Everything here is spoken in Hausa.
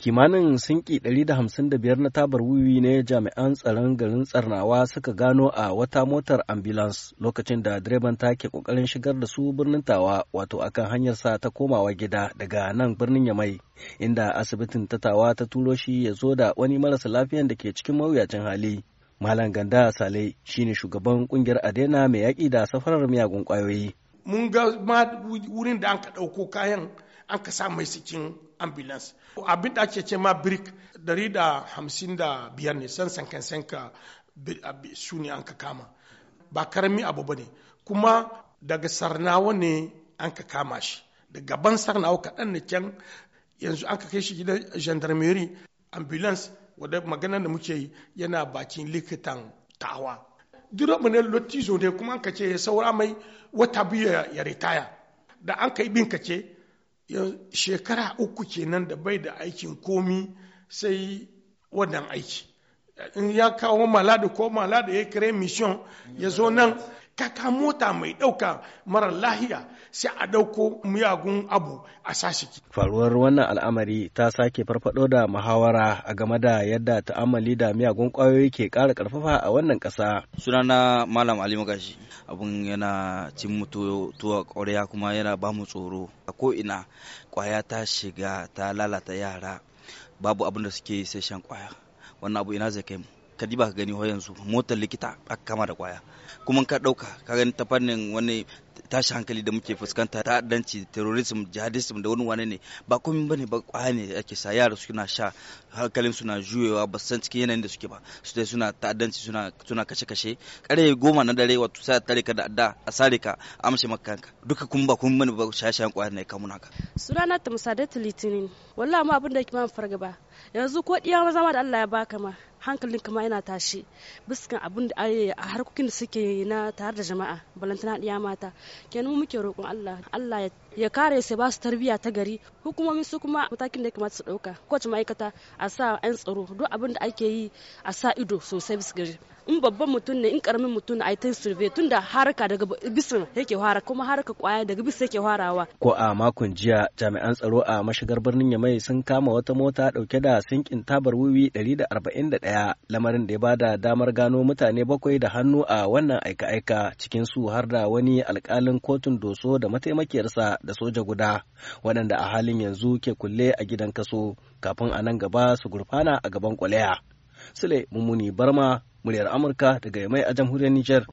kimanin sinki 155 na tabar wiwi ne jami'an tsaron garin tsarnawa suka gano a wata motar ambulance lokacin da direban ta ke kokarin shigar da su birnin tawa wato akan hanyarsa ta komawa gida daga nan birnin yamai inda asibitin ta tawa ta turo shi ya zo da wani marasa lafiyan da ke cikin mawuyacin hali malam ganda sale shine shugaban kungiyar adena mai yaƙi da safarar miyagun kwayoyi mun ga wurin da an ka ɗauko kayan an ka sa mai sikin ambulance abin da ake ce ma brick 155 ne san sankan sanka su ne an ka kama ba karami abu ba ne kuma daga sarnawa ne an ka kama shi da gaban sarnawa kaɗan na can yanzu an ka kai shi gidan gendarmerie ambulance wadda maganar da muke yi yana bakin likitan tawa duk ne lotizo ne kuma an ka ce ya saura mai wata biyu ya ritaya da an ka yi bin ka ce shekara uku kenan da bai da aikin komi sai wannan aiki in ya kawo maladu ko maladu ya kare mission ya zo nan kaka mota mai ɗauka marar lahiya sai a ɗauko miyagun abu a sashiki. faruwar wannan al'amari ta sake farfado da muhawara a game da yadda ta'amali da miyagun ƙwayoyi ke ƙara ƙarfafa a wannan ƙasa sunana malam ali magashi abun yana cin mutu tuwa ƙwarya kuma yana ba mu tsoro a ko ina ƙwaya ta shiga ta lalata yara babu abin da suke sai shan ƙwaya wannan abu ina zai kai mu ka diba ka gani yanzu motar likita a kama da kwaya kuma ka dauka ka gani ta fannin wani tashi hankali da muke fuskanta ta-a-danci terrorism jihadism da wani wane ne ba komai bane ba kwaya ne ake sa yara suna sha hankalin suna juyewa ba san cikin yanayin da suke ba su dai suna ta'addanci suna suna kashe kashe kare goma na dare wato sai tare ka da adda a sare ka amshe makanka duka kun ba kun bane ba shashayan kwaya ne kamuna ka sunana ta musadatu litinin wallahi mu abin da ke ma fargaba yanzu ko diya maza ma da Allah ya baka ma hankalin kama yana tashi biskan abin da a harkokin da suke na tare da jama'a balantana ɗiya mata kenan muke roƙon Allah Allah ya ya kare su ba su tarbiyya ta gari hukumomi su kuma matakin da ya kamata su dauka kowace ma'aikata a sa 'yan tsaro duk abin da ake yi a sa ido sosai bisa gari in babban mutum ne in karamin mutum ne a ta surve tun da haraka daga ya yake fara kuma haraka kwaya daga ya yake farawa ko a makon jiya jami'an tsaro a mashigar birnin yamai sun kama wata mota dauke da sinkin tabar wiwi 141 lamarin da ya bada damar gano mutane bakwai da hannu a wannan aika-aika cikin su har da wani alkalin kotun doso da mataimakiyarsa da soja guda waɗanda a halin yanzu ke kulle a gidan kaso kafin a nan gaba su gurfana a gaban kwalaya. Sule Mummuni Barma, muryar Amurka daga mai a jamhuriyar Nijar.